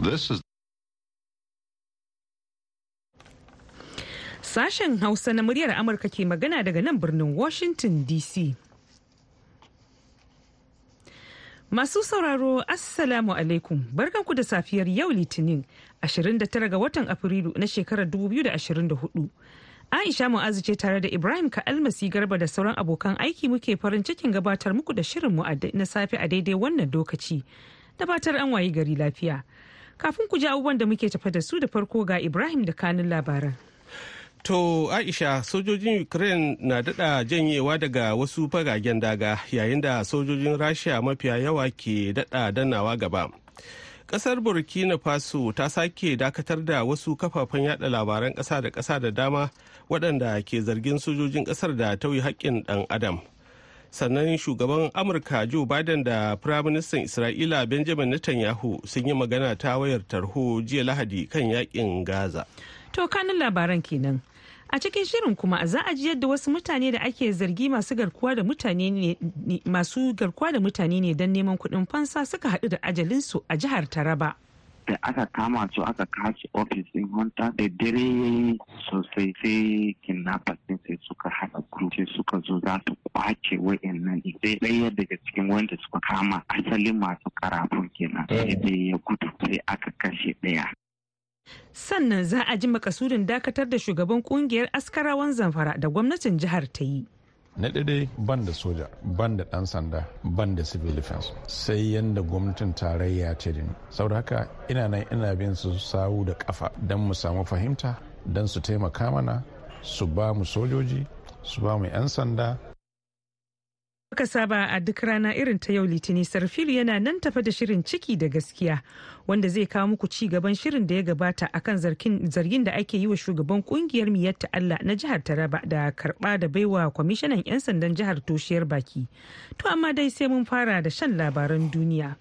This is Sashen Hausa na muryar Amurka ke magana daga nan birnin Washington DC. Masu sauraro Assalamu alaikum barkanku da safiyar yau Litinin 29 ga watan Afrilu na shekarar 2024. Aisha Mu'azu ce tare da Ibrahim Ka'almasi Garba da sauran abokan aiki muke farin cikin gabatar muku da shirin mu na safe a daidai wannan lokaci. Dabatar an wayi gari lafiya. Kafin ku ji abubuwan da muke tafa da su da farko ga Ibrahim da kanin labaran. To Aisha sojojin Ukraine na dada janyewa daga wasu fagagen daga yayin da sojojin Rasha mafiya yawa ke dada danawa gaba. Kasar Burkina Faso ta sake dakatar da wasu kafafen yada labaran kasa da kasa da dama waɗanda ke zargin sojojin ƙasar da tauye haƙƙin ɗan adam. sannan shugaban amurka joe biden da firaministan isra'ila benjamin netanyahu sun yi magana ta wayar tarho jiya lahadi kan yakin gaza to kanin labaran kenan a cikin shirin kuma za a ji yadda wasu mutane da ake zargi masu garkuwa da mutane ne don neman kuɗin fansa suka haɗu da ajalinsu a jihar taraba da aka kama su aka kashi ofis din hunta da dare sosai sai kidnappers din sai suka haɗa group sai suka zo za su kwace wayannan sai ɗaya daga cikin wanda suka kama asalin masu karafun kenan eh. sai ya gudu sai aka kashe ɗaya sannan za a ji makasudin dakatar da shugaban kungiyar askarawan zamfara da gwamnatin jihar ta yi na daidai ban da soja ban da ɗan sanda ban da civil defense sai yadda gwamnatin tarayya ce da ni saboda haka ina nan ina bin su sawu da kafa don mu samu fahimta don su taimaka mana su ba mu sojoji su ba mu 'yan sanda muka saba a duk rana irin ta yau litinin sarfilu yana nan tafa da shirin ciki da gaskiya wanda zai kawo muku ci gaban shirin da ya gabata akan zargin da ake yi wa shugaban kungiyar miyatta Allah na jihar Taraba da karba da baiwa kwamishinan 'yan sandan jihar toshiyar baki. To amma dai sai mun fara da shan labaran duniya.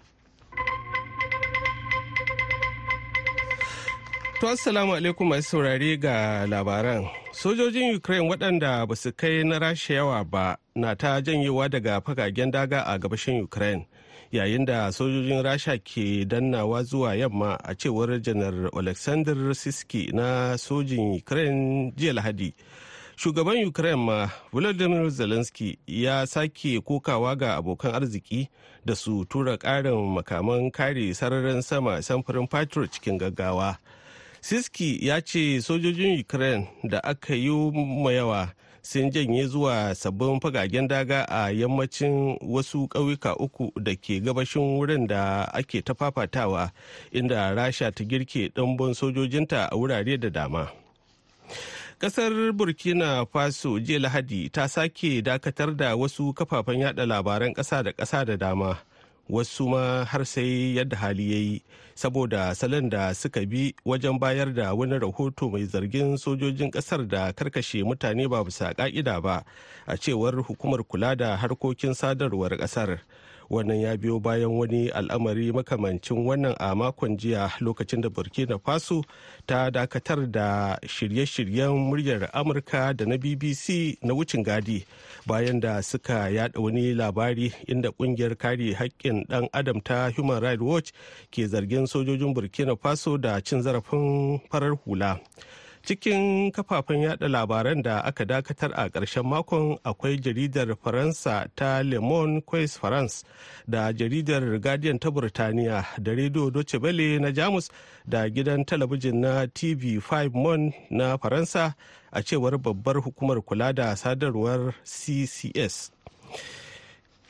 To assalamu alaikum masu saurare ga labaran. Sojojin Ukraine waɗanda ba su kai na rasha yawa ba na ta janyewa daga fagagen daga a gabashin Ukraine yayin da sojojin rasha ke dannawa zuwa yamma a cewar janar Alexander Siski na sojin Ukraine jiya Lahadi. Shugaban Ukraine ma Volodymyr Zelensky ya sake kokawa ga abokan arziki da su tura ƙarin makaman kare sararin sama samfurin Patriot cikin gaggawa. siski ya ce sojojin ukraine da aka yi ma yawa sun janye zuwa sabbin fagagen daga a yammacin wasu ƙauyuka uku da ke gabashin wurin da ake ta fafatawa inda rasha ta girke ɗanbon sojojinta a wurare da dama ƙasar burkina faso jiya lahadi ta sake dakatar da wasu kafafen yada labaran ƙasa da ƙasa da dama wasu ma har sai yadda hali ya yi saboda salon da suka bi wajen bayar da wani rahoto mai zargin sojojin kasar da karkashe mutane ba bisa ka'ida ba a cewar hukumar kula da harkokin sadarwar kasar wannan ya biyo bayan wani al'amari makamancin wannan a makon jiya lokacin da burkina faso ta dakatar da shirye-shiryen muryar amurka da na bbc na wucin gadi bayan da suka yada wani labari inda kungiyar kare haƙƙin dan adam ta human rights watch ke zargin sojojin burkina faso da cin zarafin farar hula cikin kafafen yada labaran da aka dakatar a ƙarshen makon akwai jaridar faransa ta le monde quais france da jaridar guardian ta burtaniya da rediyo doce belle na jamus da gidan talabijin na tv5 mon na faransa a cewar babbar hukumar kula da sadarwar ccs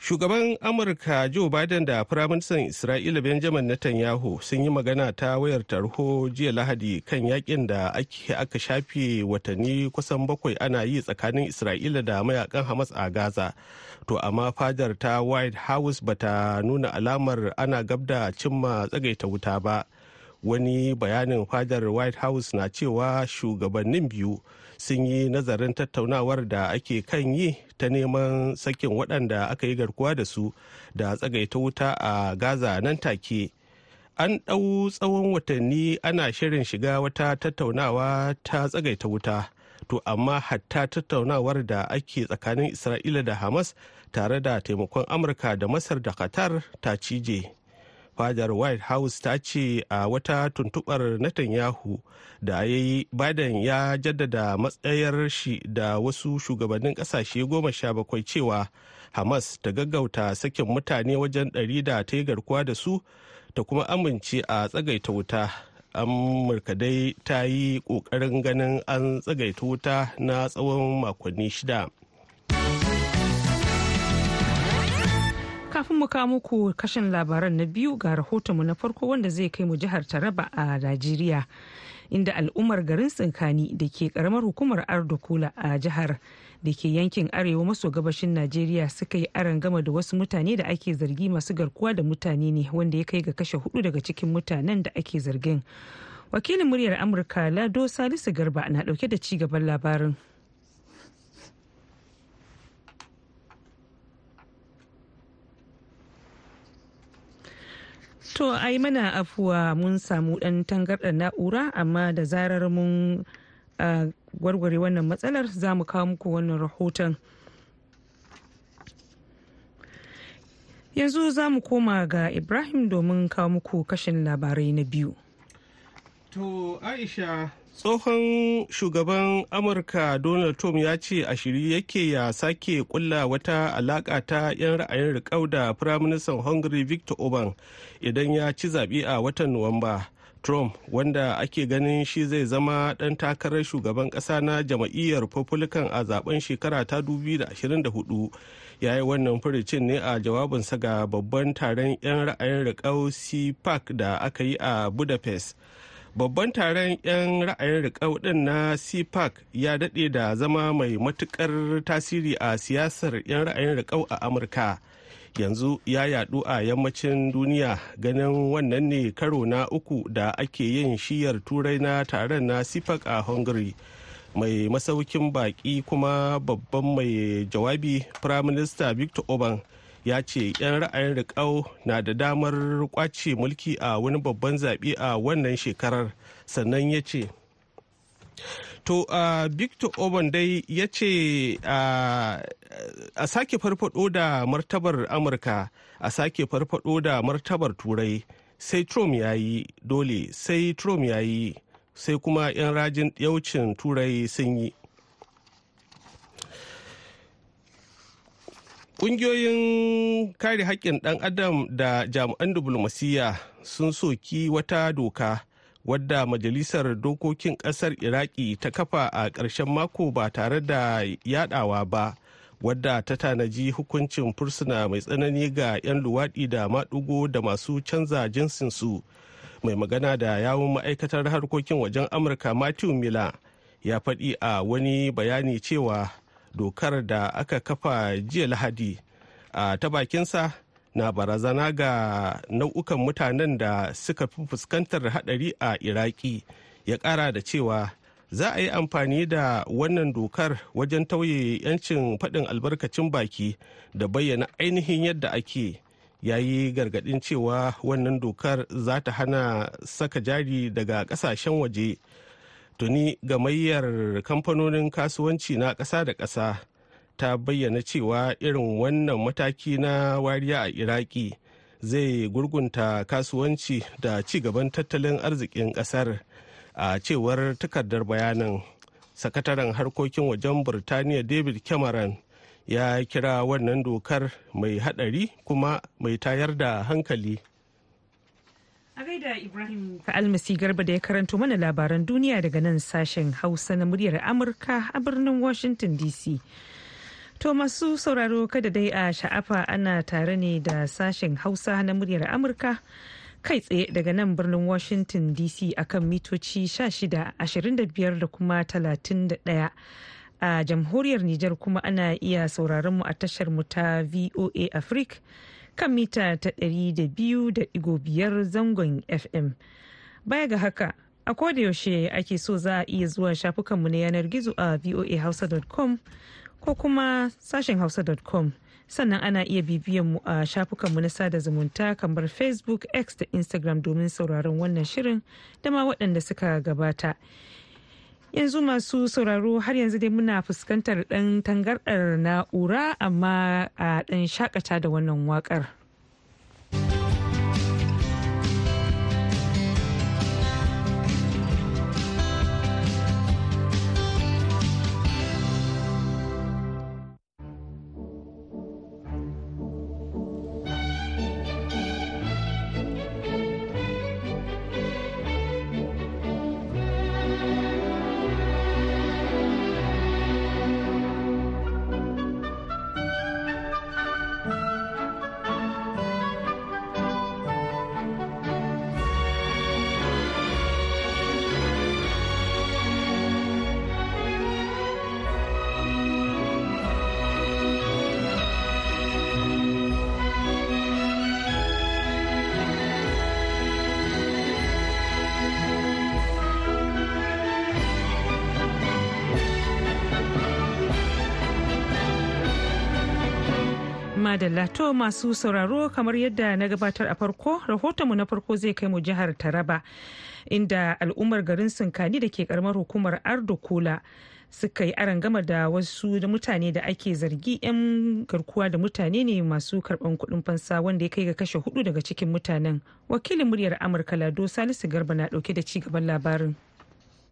Shugaban Amurka Joe Biden da Firaministan Isra'ila Benjamin Netanyahu sun yi magana ta wayar tarho jiya Lahadi kan yakin da aka shafe watanni kusan bakwai ana yi tsakanin Isra'ila da mayakan Hamas a Gaza. To amma fadar ta White House bata nuna alamar ana gabda cimma tsagaita wuta ba. wani bayanin fadar white house na cewa shugabannin biyu sun yi nazarin tattaunawar da ake kan yi ta neman sakin waɗanda aka yi garkuwa da su da tsagaita wuta a gaza nan take an ɗau tsawon watanni ana shirin shiga wata tattaunawa ta tsagaita wuta to amma hatta tattaunawar da ake tsakanin isra'ila da hamas tare da taimakon amurka da masar da qatar ta cije fadar white house ta ce a wata tuntubar netanyahu da ya yi biden ya jaddada matsayar shi da wasu shugabannin kasashe goma sha bakwai cewa hamas ta gaggauta sakin mutane wajen ɗari da ta yi garkuwa da su ta kuma amince a tsagaita wuta amurka dai ta yi ƙoƙarin ganin an tsagaita wuta na tsawon makonni shida kafin mu kawo muku kashin labaran na biyu ga rahotonmu na farko wanda zai kai mu jihar Taraba a Najeriya. Inda al'ummar garin Tsinkani da ke karamar hukumar Ardukula a jihar da ke yankin arewa maso gabashin Najeriya suka yi aron gama da wasu mutane da ake zargi masu garkuwa da mutane ne wanda ya kai ga kashe hudu daga cikin mutanen da ake zargin. Wakilin muryar Amurka Lado Salisu Garba na dauke da ci gaban labarin. To ai mana afuwa mun samu dan tangarda na'ura amma da zarar mun gwargware wannan matsalar za mu kawo muku wannan rahoton. Yanzu za mu koma ga Ibrahim domin kawo muku kashin labarai na biyu. To Aisha tsohon shugaban amurka donald trump ya ce a shiri yake ya sake kulla wata alaka ta 'yan ra'ayin rikau da firaministan hungary victor oban idan ya ci zaɓe a watan nuwamba trump wanda ake ganin shi zai zama ɗan takarar shugaban ƙasa na jama'iyyar republican a zaben shekara ta 2024 ya yi wannan furicin ne a jawabinsa ga babban taron 'yan ra'ayin rikau cpac da aka yi a budapest babban taron 'yan ra'ayin riƙau ɗin na cpac ya daɗe da zama mai matuƙar tasiri a siyasar 'yan ra'ayin riƙau a amurka yanzu ya yaɗu a yammacin duniya ganin wannan ne karo na uku da ake yin shiyar turai na taron na cpac a hungary mai masaukin baƙi kuma babban mai jawabi firaminista victor oban ya ce 'yan ra'ayin riƙau na da damar kwace mulki a wani babban zaɓe a wannan shekarar sannan ya ce to uh, victor oban dai ya ce a sake farfado da martabar amurka a sake farfado da martabar turai sai trump ya yi dole sai trump ya yi sai kuma 'yan rajin yaucin turai sun yi Ƙungiyoyin kare haƙƙin ɗan adam da jami'an diflomasiyya sun soki wata doka wadda majalisar dokokin ƙasar iraki ta kafa a ƙarshen mako ba tare da yadawa ba wadda ta tanaji hukuncin fursuna mai tsanani ga 'yan luwaɗi da maɗugo da masu canza jinsinsu mai magana da yawun ma'aikatar harkokin wajen amurka matthew miller ya faɗi a wani bayani cewa dokar da aka kafa jiya lahadi a ta bakinsa na barazana ga nau'ukan mutanen da suka fi fuskantar hadari a iraki ya kara da cewa za a yi amfani da wannan dokar wajen tauye 'yancin faɗin albarkacin baki da bayyana ainihin yadda ake ya yi gargaɗin cewa wannan dokar za ta hana saka jari daga ƙasashen waje tuni gamayyar kamfanonin kasuwanci na ƙasa da ƙasa ta bayyana cewa irin wannan mataki na wariya a iraki zai gurgunta kasuwanci da ci gaban tattalin arzikin ƙasar a cewar takardar bayanin sakataren harkokin wajen burtaniya david cameron ya kira wannan dokar mai haɗari kuma mai tayar da hankali A gaida Ibrahim Almasi Garba da ya karanto mana labaran duniya daga nan sashen Hausa na muryar Amurka a birnin Washington DC. To masu sauraro kada dai a sha'afa ana tare ne da sashen Hausa na muryar Amurka kai tsaye daga nan birnin Washington DC akan mitoci 16, 25 da kuma 31. A jamhuriyar Nijar kuma ana iya sauraron mu a tashar mu ta VOA Africa. kan mita ta ɗari da da biyu 200.5 zangon FM. Baya ga haka, a yaushe ake so za a iya zuwa shafukanmu na yanar gizo a voahausa.com ko kuma sashen hausa.com. sannan ana iya bibiyan mu a shafukanmu na sada zumunta kamar facebook x da instagram domin sauraron wannan shirin dama ma waɗanda suka gabata yanzu masu sauraro har yanzu dai muna fuskantar ɗan tangardar na'ura amma a ɗan shakata da wannan wakar. da to masu sauraro kamar yadda na gabatar a farko rahotonmu na farko zai kai mu jihar Taraba inda al'ummar garin Sinkani da ke karamar hukumar Ardo Kula suka yi arangama da wasu da mutane da ake zargi 'yan garkuwa da mutane ne masu karban kuɗin fansa wanda ya kai ga kashe hudu daga cikin mutanen wakilin muryar amurka lado salisu garba na dauke da ci gaban labarin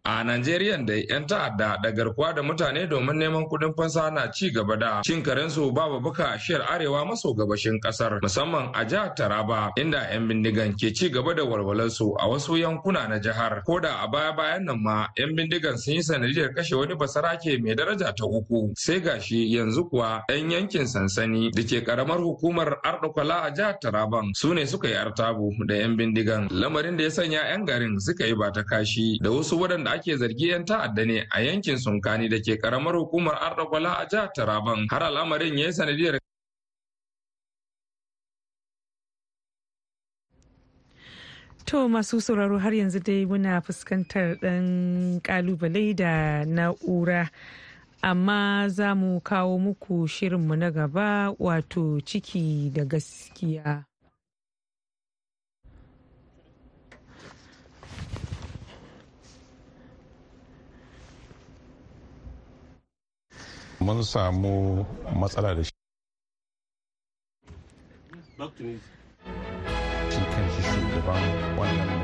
A Najeriya da 'yan ta'adda da garkuwa da mutane domin neman kudin fansa na ci gaba da cin karensu babu buka shiyar arewa maso gabashin kasar musamman a jihar Taraba inda 'yan bindigan ke ci gaba da walwalarsu a wasu yankuna na jihar. Ko da a baya bayan nan ma 'yan bindigan sun yi sanadiyar kashe wani basarake mai daraja ta uku. Sai gashi yanzu kuwa 'yan yankin sansani da ke karamar hukumar Ardukwala a jihar Taraban su ne suka yi artabu da 'yan bindigan lamarin da ya sanya 'yan garin suka yi ba ta kashi da wasu waɗanda ake zargi 'yan ta'adda ne a yankin Sunkani da ke karamar hukumar Ardakwala a jihar Taraban har al'amarin ya yi sanadiyar To masu sauraro har yanzu dai muna fuskantar ɗan ƙalubale da na'ura. Amma za mu kawo muku shirinmu na gaba wato ciki da gaskiya. mun samu matsala da shi shi kan shi shugaban wannan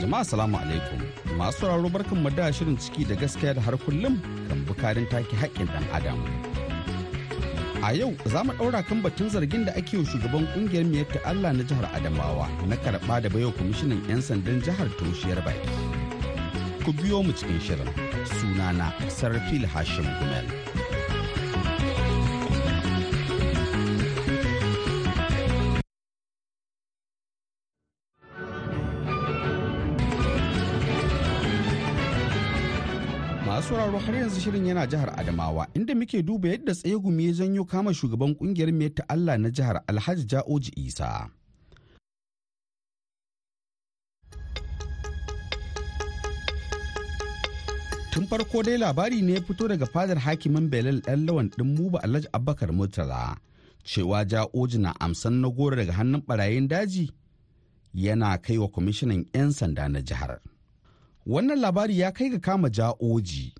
Jama'a salamu alaikum. Masu sauraro barkan mu da shirin ciki da gaskiya da har kullum kan bukarin take haƙƙin dan adam. A yau za mu ɗaura kan batun zargin da ake yi shugaban ƙungiyar miyar ta Allah na jihar Adamawa na karɓa da baiwa kwamishinan 'yan sandan jihar Toshiyar Baki. Ku biyo mu cikin shirin sunana Sarfil Hashim Gumel. sauraro har yanzu shirin yana jihar Adamawa inda muke duba yadda tsegumi ya janyo kama shugaban kungiyar mai ta Allah na jihar Alhaji Ja'oji Isa. Tun farko dai labari ne ya fito daga fadar hakimin Belal ɗan lawan ɗin Muba Alhaji Abubakar Murtala cewa Ja'oji na amsan na goro daga hannun barayin daji yana kai wa kwamishinan 'yan sanda na jihar. wannan labari ya kai ga kama ja oji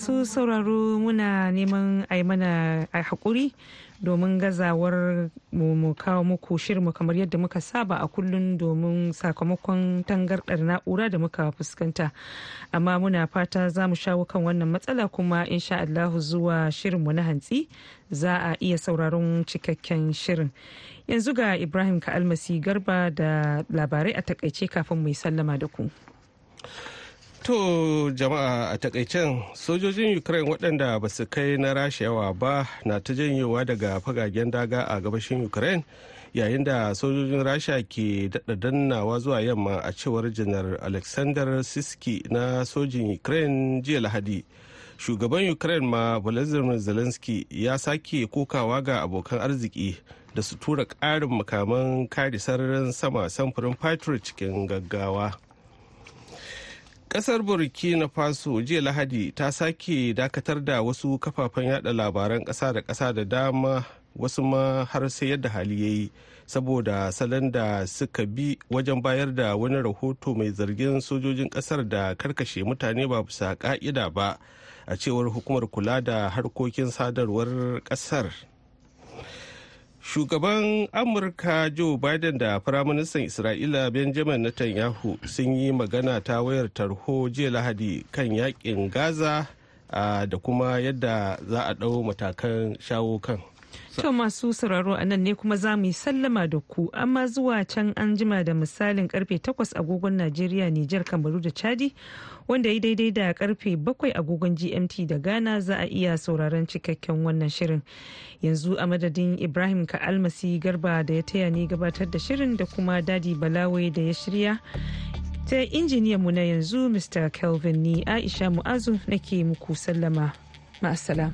masu sauraro muna neman a mana a haƙuri domin gazawar mu kawo muku shirinmu kamar yadda muka saba a kullum domin sakamakon tangardar na'ura da muka fuskanta amma muna fata za mu shawo kan wannan matsala kuma insha Allahu zuwa shirinmu na hantsi za a iya sauraron cikakken shirin yanzu ga ibrahim ka almasi garba da labarai a takaice kafin mu sallama da ku. To jama'a a takaicen sojojin Ukraine waɗanda ba su kai na rasha yawa ba na ta janyewa daga fagagen daga a gabashin Ukraine yayin da sojojin rasha ke daɗa dannawa zuwa yamma a cewar janar Alexander Siski na sojin Ukraine jiya Lahadi. Shugaban Ukraine ma Volodymyr Zelensky ya sake kokawa ga abokan arziki da su tura ƙarin makaman kare sararin sama samfurin Patriot cikin gaggawa. Kasar Burkina Faso jiya Lahadi ta sake dakatar da wasu kafafen yada labaran kasa da kasa da dama wasu ma har sai yadda hali ya yi saboda salon da suka bi wajen bayar da wani rahoto mai zargin sojojin kasar da karkashe mutane ba bisa ka'ida ba a cewar hukumar kula da harkokin sadarwar kasar Shugaban Amurka Joe Biden da Firaministan Isra'ila Benjamin Netanyahu sun yi magana ta wayar tarho jiya Lahadi kan yakin Gaza da kuma yadda za a ɗau matakan shawo kan. To masu sauraro a nan ne kuma za mu yi sallama da ku amma zuwa can an jima da misalin karfe 8 agogon Najeriya, Nijar, Kamaru da Chadi wanda ya daidai da karfe 7 agogon gmt da ghana za a iya sauraron cikakken wannan shirin yanzu a madadin ibrahim ka'almasi garba da ya taya ni gabatar da shirin da kuma dadi balawai da ya shirya ta mu na yanzu mr kelvin ni aisha mu'azu nake muku sallama ma'asala.